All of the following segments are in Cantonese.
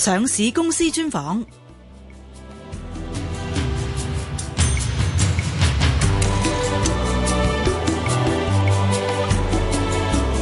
上市公司專訪。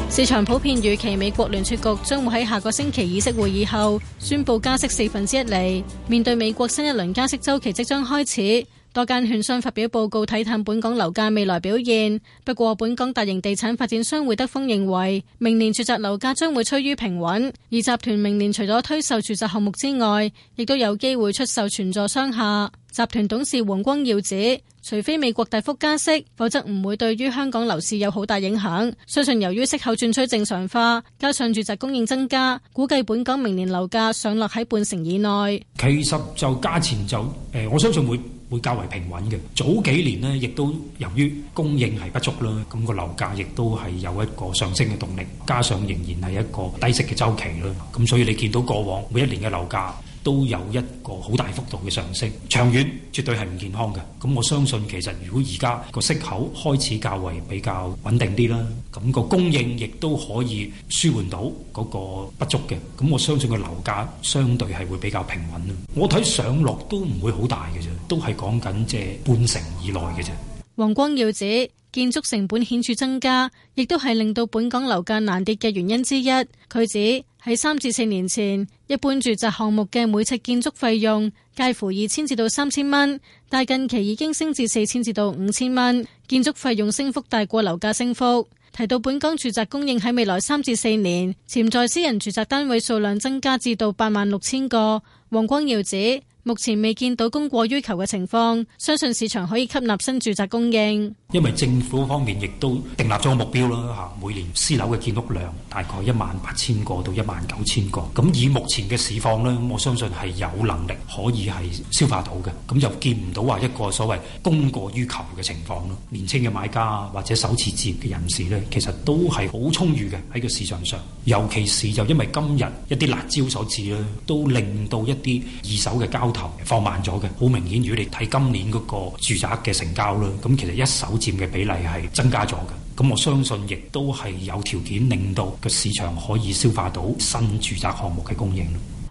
市場普遍預期美國聯儲局將會喺下個星期議息會議後，宣布加息四分之一厘。面對美國新一輪加息周期即將開始。多間券商發表報告，睇淡本港樓價未來表現。不過，本港大型地產發展商會德豐認為，明年住宅樓價將會趨於平穩。而集團明年除咗推售住宅項目之外，亦都有機會出售全幢商廈。集團董事黃光耀指，除非美國大幅加息，否則唔會對於香港樓市有好大影響。相信由於息口轉趨正常化，加上住宅供應增加，估計本港明年樓價上落喺半成以內。其實就價錢就誒，我相信會。會較為平穩嘅，早幾年呢，亦都由於供應係不足啦，咁個樓價亦都係有一個上升嘅動力，加上仍然係一個低息嘅周期啦，咁所以你見到過往每一年嘅樓價都有一個好大幅度嘅上升，長遠絕對係唔健康嘅。咁我相信其實如果而家個息口開始較為比較穩定啲啦，咁個供應亦都可以舒緩到嗰個不足嘅。咁我相信個樓價相對係會比較平穩啊。我睇上落都唔會好大嘅啫，都係講緊即係半成以內嘅啫。黃光耀指建築成本顯著增加，亦都係令到本港樓價難跌嘅原因之一。佢指。喺三至四年前，一般住宅項目嘅每尺建築費用介乎二千至到三千蚊，但近期已經升至四千至到五千蚊。建築費用升幅大過樓價升幅。提到本港住宅供應，喺未來三至四年，潛在私人住宅單位數量增加至到八萬六千個。黃光耀指。目前未見到供過於求嘅情況，相信市場可以吸納新住宅供應，因為政府方面亦都訂立咗個目標啦，吓每年私樓嘅建屋量大概一萬八千個到一萬九千個，咁以目前嘅市況咧，我相信係有能力可以係消化到嘅。咁就見唔到話一個所謂供過於求嘅情況咯。年輕嘅買家或者首次置業嘅人士咧，其實都係好充裕嘅喺個市場上。尤其是就因為今日一啲辣招所致咧，都令到一啲二手嘅交。放慢咗嘅，好明顯。如果你睇今年嗰個住宅嘅成交啦，咁其實一手佔嘅比例係增加咗嘅。咁我相信亦都係有條件令到個市場可以消化到新住宅項目嘅供應。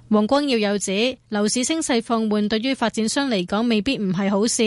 黃光耀又指，樓市升勢放緩對於發展商嚟講未必唔係好事，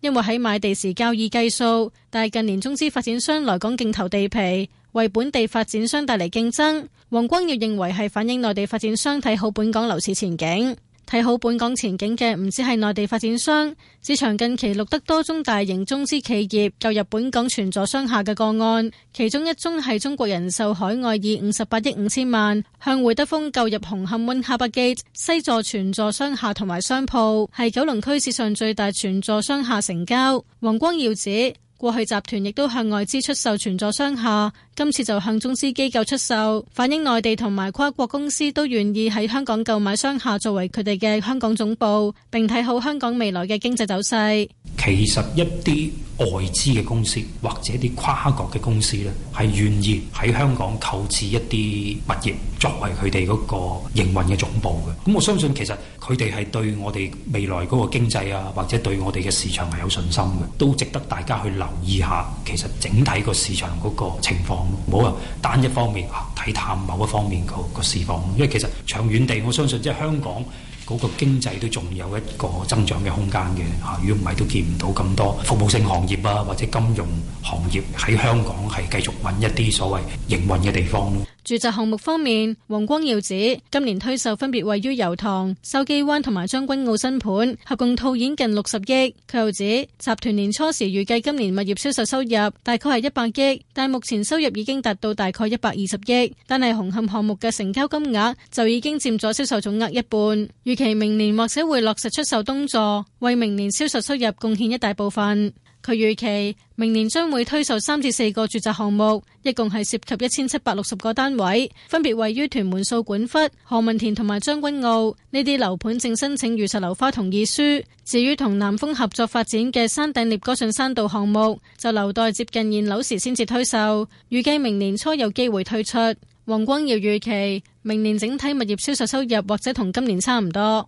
因為喺買地時交易計數。但係近年中資發展商來港競投地皮，為本地發展商帶嚟競爭。黃光耀認為係反映內地發展商睇好本港樓市前景。睇好本港前景嘅唔止係內地發展商，市場近期錄得多宗大型中資企業購入本港全座商廈嘅個案，其中一宗係中國人壽海外以五十八億五千萬向會德豐購入紅磡 One HarbourGate 西座全座商廈同埋商鋪，係九龍區史上最大全座商廈成交。黃光耀指。過去集團亦都向外資出售全座商廈，今次就向中資機構出售，反映內地同埋跨國公司都願意喺香港購買商廈作為佢哋嘅香港總部，並睇好香港未來嘅經濟走勢。其實一啲。外資嘅公司或者啲跨國嘅公司呢，係願意喺香港購置一啲物業作為佢哋嗰個營運嘅總部嘅。咁我相信其實佢哋係對我哋未來嗰個經濟啊，或者對我哋嘅市場係有信心嘅，都值得大家去留意下。其實整體個市場嗰個情況，唔好話單一方面睇，啊、淡某一方面個，嗰個市況，因為其實長遠地，我相信即係香港。嗰個經濟都仲有一個增長嘅空間嘅，如果唔係都見唔到咁多服務性行業啊，或者金融行業喺香港係繼續揾一啲所謂營運嘅地方。住宅項目方面，黃光耀指今年推售分別位於油塘、筲箕灣同埋將軍澳新盤，合共套現近六十億。佢又指集團年初時預計今年物業銷售收入大概係一百億，但目前收入已經達到大概一百二十億，但係紅磡項目嘅成交金額就已經佔咗銷售總額一半。預期明年或者會落實出售東座，為明年銷售收入貢獻一大部分。佢預期明年將會推售三至四個住宅項目，一共係涉及一千七百六十個單位，分別位於屯門掃管笏、何文田同埋將軍澳。呢啲樓盤正申請預售樓花同意書。至於同南豐合作發展嘅山頂聶歌信山道項目，就留待接近現樓時先至推售，預計明年初有機會推出。黃光耀預期明年整體物業銷售收，收入或者同今年差唔多。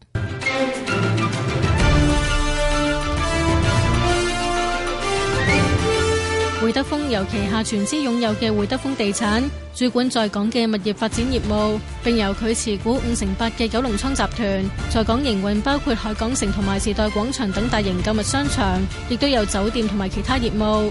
會德豐由旗下全資擁有嘅會德豐地產主管在港嘅物業發展業務，並由佢持股五成八嘅九龍倉集團在港營運，包括海港城同埋時代廣場等大型購物商場，亦都有酒店同埋其他業務。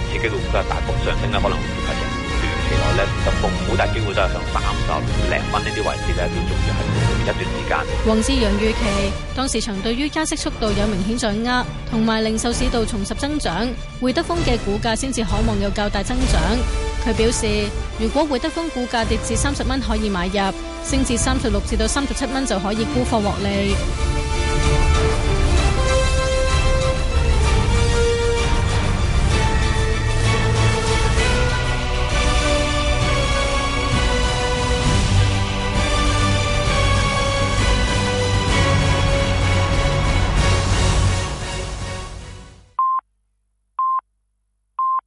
自己股價大幅上升，可能唔符合短期內咧，德豐好大機會都係向三十零蚊呢啲位置咧，都仲要係一段時間。黃之洋預期，當市場對於加息速度有明顯掌握，同埋零售市道重拾增長，會德豐嘅股價先至可望有較大增長。佢表示，如果會德豐股價跌至三十蚊可以買入，升至三十六至到三十七蚊就可以沽貨獲利。